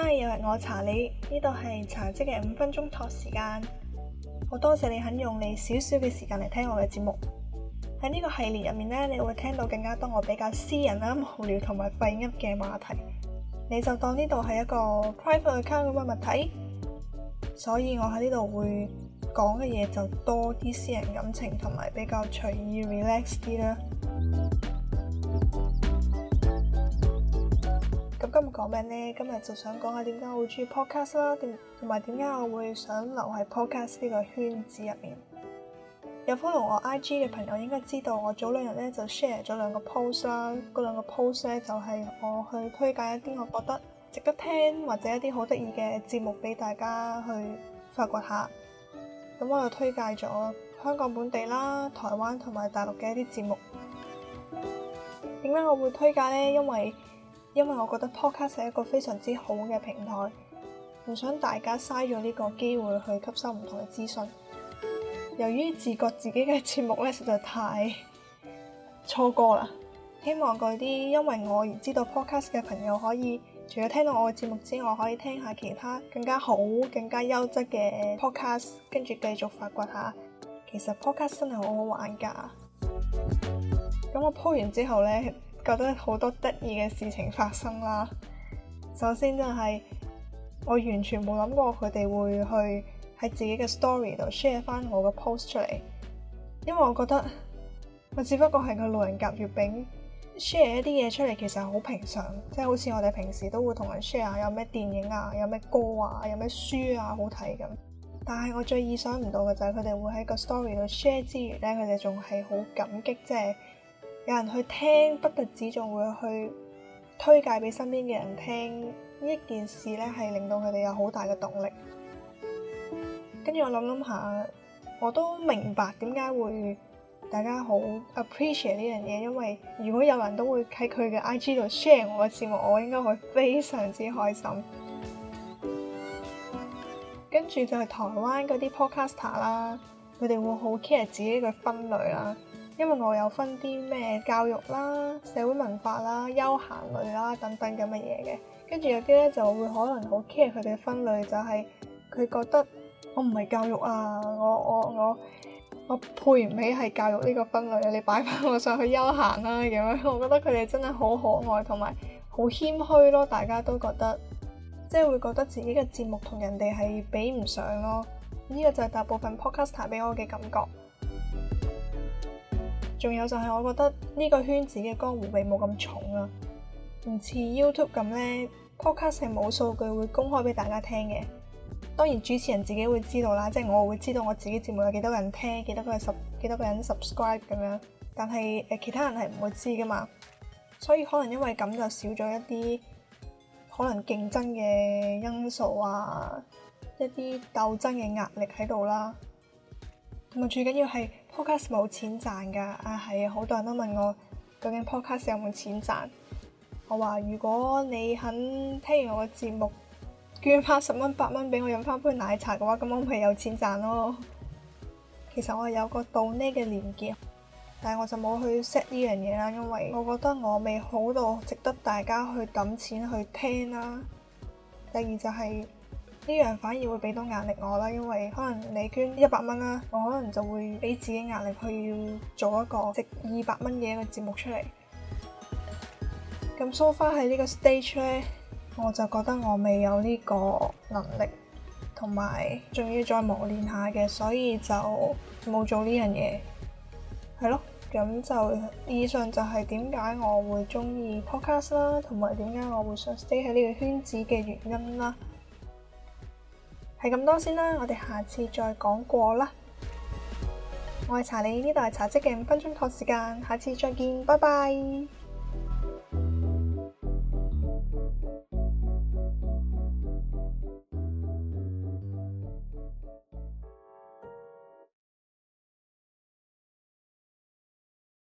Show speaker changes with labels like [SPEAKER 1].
[SPEAKER 1] 哎，Hi, 又係我查你呢度係查職嘅五分鐘托時間，好多謝你肯用你少少嘅時間嚟聽我嘅節目。喺呢個系列入面呢，你會聽到更加多我比較私人啦、無聊同埋廢噏嘅話題。你就當呢度係一個 private account 咁嘅物體，所以我喺呢度會講嘅嘢就多啲私人感情同埋比較隨意 relax、relax 啲啦。講咩咧？今日就想講下點解我會中意 podcast 啦，同同埋點解我會想留喺 podcast 呢個圈子入面。有 follow 我 IG 嘅朋友應該知道，我早兩日咧就 share 咗兩個 post 啦。嗰兩個 post 咧就係我去推介一啲我覺得值得聽或者一啲好得意嘅節目俾大家去發掘下。咁我又推介咗香港本地啦、台灣同埋大陸嘅一啲節目。點解我會推介呢？因為因為我覺得 podcast 係一個非常之好嘅平台，唔想大家嘥咗呢個機會去吸收唔同嘅資訊。由於自覺自己嘅節目咧實在太粗過啦，希望嗰啲因為我而知道 podcast 嘅朋友可以，除咗聽到我嘅節目之外，可以聽下其他更加好、更加優質嘅 podcast，跟住繼續發掘下，其實 podcast 真係好好玩噶。咁我鋪完之後咧。覺得好多得意嘅事情發生啦！首先就係我完全冇諗過佢哋會去喺自己嘅 story 度 share 翻我嘅 post 出嚟，因為我覺得我只不過係個路人甲，月餅 share 一啲嘢出嚟其實好平常，即係好似我哋平時都會同人 share 有咩電影啊、有咩歌啊、有咩書啊好睇咁。但係我最意想唔到嘅就係佢哋會喺個 story 度 share 之餘咧，佢哋仲係好感激，即係。有人去聽，不特止仲會去推介俾身邊嘅人聽呢件事咧，係令到佢哋有好大嘅動力。跟住我諗諗下，我都明白點解會大家好 appreciate 呢樣嘢，因為如果有人都會喺佢嘅 IG 度 share 我嘅節目，我應該會非常之開心。跟住就係台灣嗰啲 podcaster 啦，佢哋會好 care 自己嘅分類啦。因為我有分啲咩教育啦、社會文化啦、休閒類啦等等咁嘅嘢嘅，跟住有啲咧就會可能好 care 佢哋嘅分類，就係佢覺得我唔係教育啊，我我我我配唔起係教育呢個分類啊，你擺翻我上去休閒啦咁樣，我覺得佢哋真係好可愛同埋好謙虛咯，大家都覺得即係會覺得自己嘅節目同人哋係比唔上咯，呢個就係大部分 podcaster 俾我嘅感覺。仲有就係我覺得呢個圈子嘅江湖味冇咁重啊，唔似 YouTube 咁呢 Podcast 係冇數據會公開俾大家聽嘅。當然主持人自己會知道啦，即、就、係、是、我會知道我自己節目有幾多人聽、幾多個十、幾多個人 subscribe 咁樣。但係誒、呃、其他人係唔會知噶嘛，所以可能因為咁就少咗一啲可能競爭嘅因素啊，一啲鬥爭嘅壓力喺度啦。同埋最緊要係。Podcast 冇錢賺噶，啊係好多人都問我究竟 Podcast 有冇錢賺？我話如果你肯聽完我嘅節目，捐翻十蚊八蚊俾我飲翻杯奶茶嘅話，咁我咪有錢賺咯。其實我係有個到呢嘅鏈接，但係我就冇去 set 呢樣嘢啦，因為我覺得我未好到值得大家去抌錢去聽啦。第二就係、是。呢樣反而會俾到壓力我啦，因為可能你捐一百蚊啦，我可能就會俾自己壓力去要做一個值二百蚊嘢嘅節目出嚟。咁 so far 喺呢個 stage 呢，我就覺得我未有呢個能力，同埋仲要再磨練下嘅，所以就冇做呢樣嘢。係咯，咁就以上就係點解我會中意 podcast 啦，同埋點解我會想 stay 喺呢個圈子嘅原因啦。係咁多先啦，我哋下次再講過啦。我係查理，呢度係查積嘅五分鐘托時間，下次再見，拜拜。